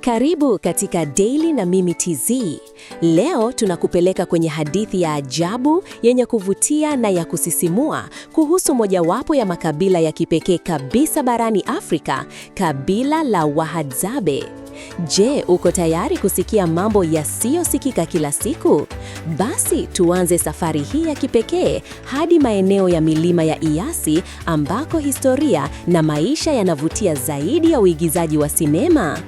Karibu katika Daily na Mimi TZ. Leo tunakupeleka kwenye hadithi ya ajabu yenye kuvutia na ya kusisimua kuhusu mojawapo ya makabila ya kipekee kabisa barani Afrika, kabila la Wahadzabe. Je, uko tayari kusikia mambo yasiyosikika kila siku? Basi tuanze safari hii ya kipekee hadi maeneo ya milima ya iasi ambako historia na maisha yanavutia zaidi ya uigizaji wa sinema.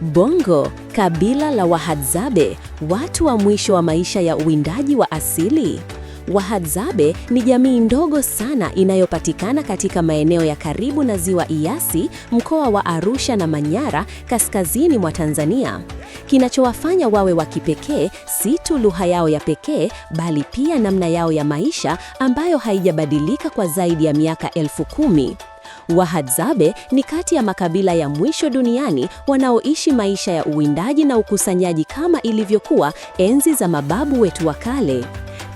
Bongo, kabila la Wahadzabe, watu wa mwisho wa maisha ya uwindaji wa asili. Wahadzabe ni jamii ndogo sana inayopatikana katika maeneo ya karibu na Ziwa Eyasi, mkoa wa Arusha na Manyara, kaskazini mwa Tanzania. Kinachowafanya wawe wa kipekee si tu lugha yao ya pekee, bali pia namna yao ya maisha ambayo haijabadilika kwa zaidi ya miaka elfu kumi. Wahadzabe ni kati ya makabila ya mwisho duniani wanaoishi maisha ya uwindaji na ukusanyaji kama ilivyokuwa enzi za mababu wetu wa kale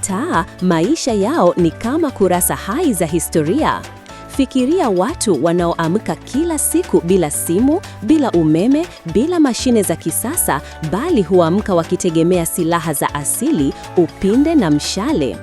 mitaa, maisha yao ni kama kurasa hai za historia. Fikiria watu wanaoamka kila siku bila simu, bila umeme, bila mashine za kisasa, bali huamka wakitegemea silaha za asili, upinde na mshale.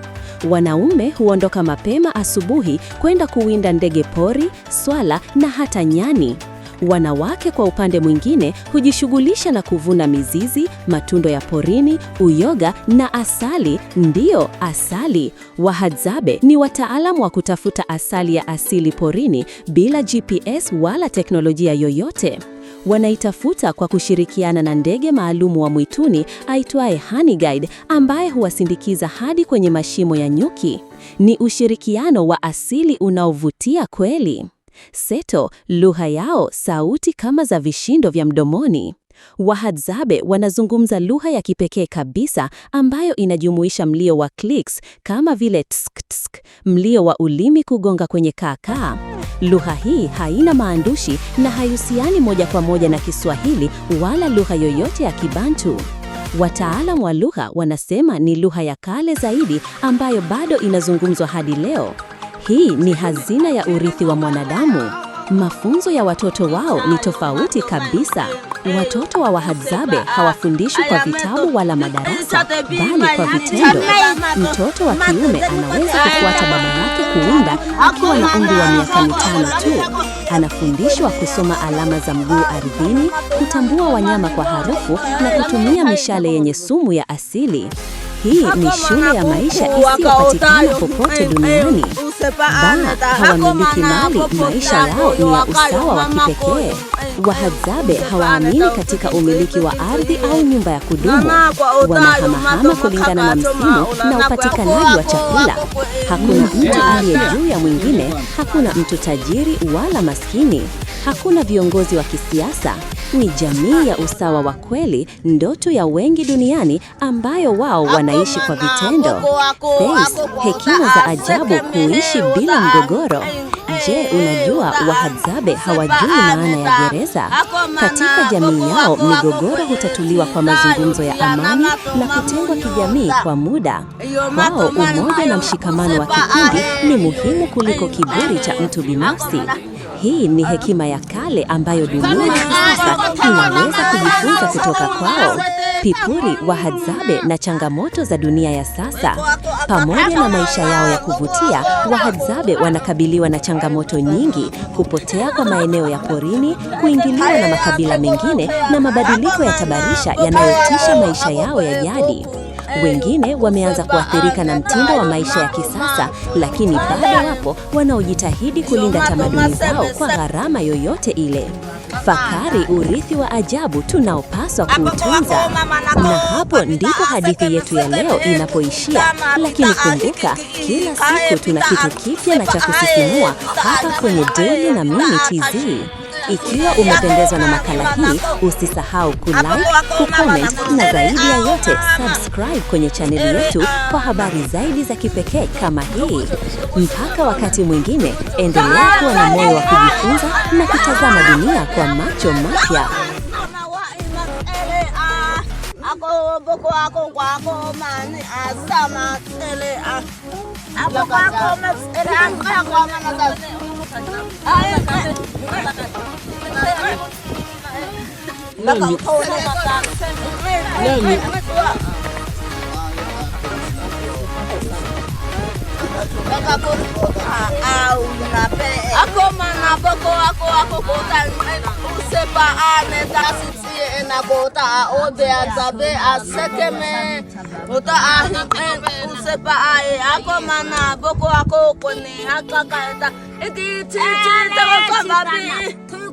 Wanaume huondoka mapema asubuhi kwenda kuwinda ndege pori, swala na hata nyani. Wanawake kwa upande mwingine hujishughulisha na kuvuna mizizi, matunda ya porini, uyoga na asali. Ndiyo, asali. Wahadzabe ni wataalamu wa kutafuta asali ya asili porini bila GPS wala teknolojia yoyote. Wanaitafuta kwa kushirikiana na ndege maalumu wa mwituni aitwaye Honey Guide ambaye huwasindikiza hadi kwenye mashimo ya nyuki. Ni ushirikiano wa asili unaovutia kweli. Seto, lugha yao sauti kama za vishindo vya mdomoni. Wahadzabe wanazungumza lugha ya kipekee kabisa ambayo inajumuisha mlio wa clicks kama vile tsk tsk, mlio wa ulimi kugonga kwenye kaakaa. Lugha hii haina maandishi na haihusiani moja kwa moja na Kiswahili wala lugha yoyote ya Kibantu. Wataalamu wa lugha wanasema ni lugha ya kale zaidi ambayo bado inazungumzwa hadi leo. Hii ni hazina ya urithi wa mwanadamu. Mafunzo ya watoto wao ni tofauti kabisa. Watoto wa Wahadzabe hawafundishwi kwa vitabu wala madarasa, bali kwa vitendo. Mtoto wa kiume anaweza kufuata baba yake kuunda akiwa na umri wa miaka mitano tu. Anafundishwa kusoma alama za mguu ardhini, kutambua wanyama kwa harufu na kutumia mishale yenye sumu ya asili. Hii ni shule ya maisha isiyopatikana popote eh, duniani. Eh, ba hawamiliki mali, maisha yao ni ya usawa wa kipekee. Eh, Wahadzabe hawaamini katika umiliki wa ardhi au nyumba ya kudumu. Wanahamahama kulingana na msimu na upatikanaji wa chakula. Hakuna mtu aliye juu ya mwingine, hakuna mtu tajiri wala maskini, hakuna viongozi wa kisiasa ni jamii ya usawa wa kweli, ndoto ya wengi duniani ambayo wao wanaishi kwa vitendo, hekima za ajabu, kuishi bila mgogoro. Je, unajua Wahadzabe hawajui maana ya gereza? Katika jamii yao migogoro hutatuliwa kwa mazungumzo ya amani na kutengwa kijamii kwa muda. Wao umoja na mshikamano wa kikundi ni muhimu kuliko kiburi cha mtu binafsi. Hii ni hekima ya yale ambayo dunia sasa inaweza kujifunza kutoka kwao. Pipuri wa Hadzabe na changamoto za dunia ya sasa pamoja na maisha yao ya kuvutia, Wahadzabe wanakabiliwa na changamoto nyingi: kupotea kwa maeneo ya porini, kuingiliwa na makabila mengine na mabadiliko ya tabarisha yanayotisha maisha yao ya jadi. Wengine wameanza kuathirika na mtindo wa maisha ya kisasa, lakini bado wapo wanaojitahidi kulinda tamaduni zao kwa gharama yoyote ile. Fakari urithi wa ajabu tunaopaswa kuutunza. Na hapo ndipo hadithi yetu ya leo inapoishia, lakini kumbuka, kila siku tuna kitu kipya na cha kusisimua hapa kwenye Daily na Mimi Tz. Ikiwa umependezwa na makala hii, usisahau kulike, kucomment na zaidi ya yote subscribe kwenye chaneli yetu kwa habari zaidi za kipekee kama hii. Mpaka wakati mwingine, endelea kuwa na moyo wa kujifunza na kutazama dunia kwa macho mapya. 那老头那个大，那你。Ako mana boko ako ako kota a ane dasiti ena bota ode azabe asekeme ota ahi usepa ae ako mana boko ako kone akaka ita iti iti iti ako kababi.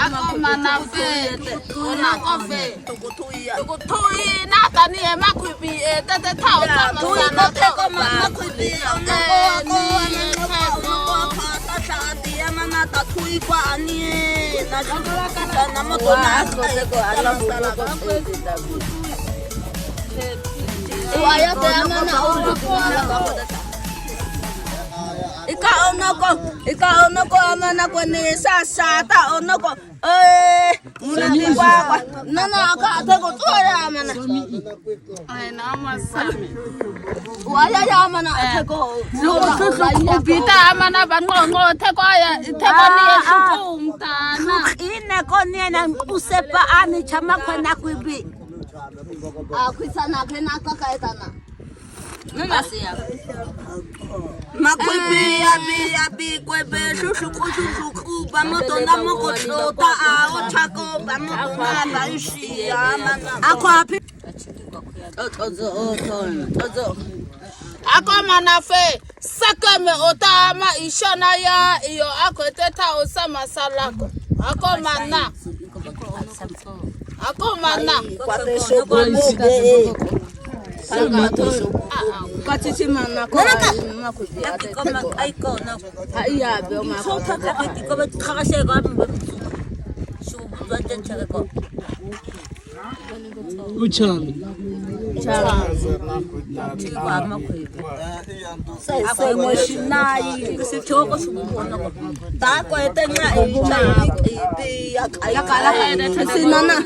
Ako man avse, anakove, tuku tuwi, nata niye makwipi e, dete tau sa masana to. Ako man avse, anakove, nata niye makwipi e, dete tau sa masana to. ka onoko ika onoko amanako nisa sata onoko eh, munaikwakwa nana akaatekotoya amana wayaya eh. amana atekoubita amana vaqongo tekoniyesukumtana ineko niena usepa ani chamakwenakwibi akwisanake ah, nakakaetana makwebe ah. yabe yabe kwebe shushuku shushuku bamotona mokotlota ao chako bamotona baishiya akwaphi akamanafe sekeme otama ishona ya iyo akweteta osamasalako akomana akomana Kati ti ma na ko ma ko bi ate ko ma ai ko na ta iya be ma ko ta ka ti ko ba ka ka she ko ba shu ba den cha ko Uçağım. Uçağım. Çıkma ama koyuyor. Ako emoşinai. Kısı çok olsun bu konu. Daha koyeten ya. Ya kala. Kısı nana.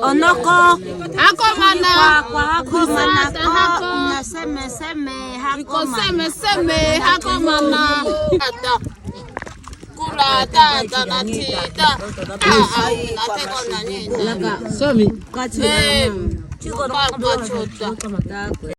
Onoko hako mana kwa hako mana hako seme seme hako seme seme hako mana ata kula tata eh, na tita nateko na nini somi kwa chuma chiko kwa chota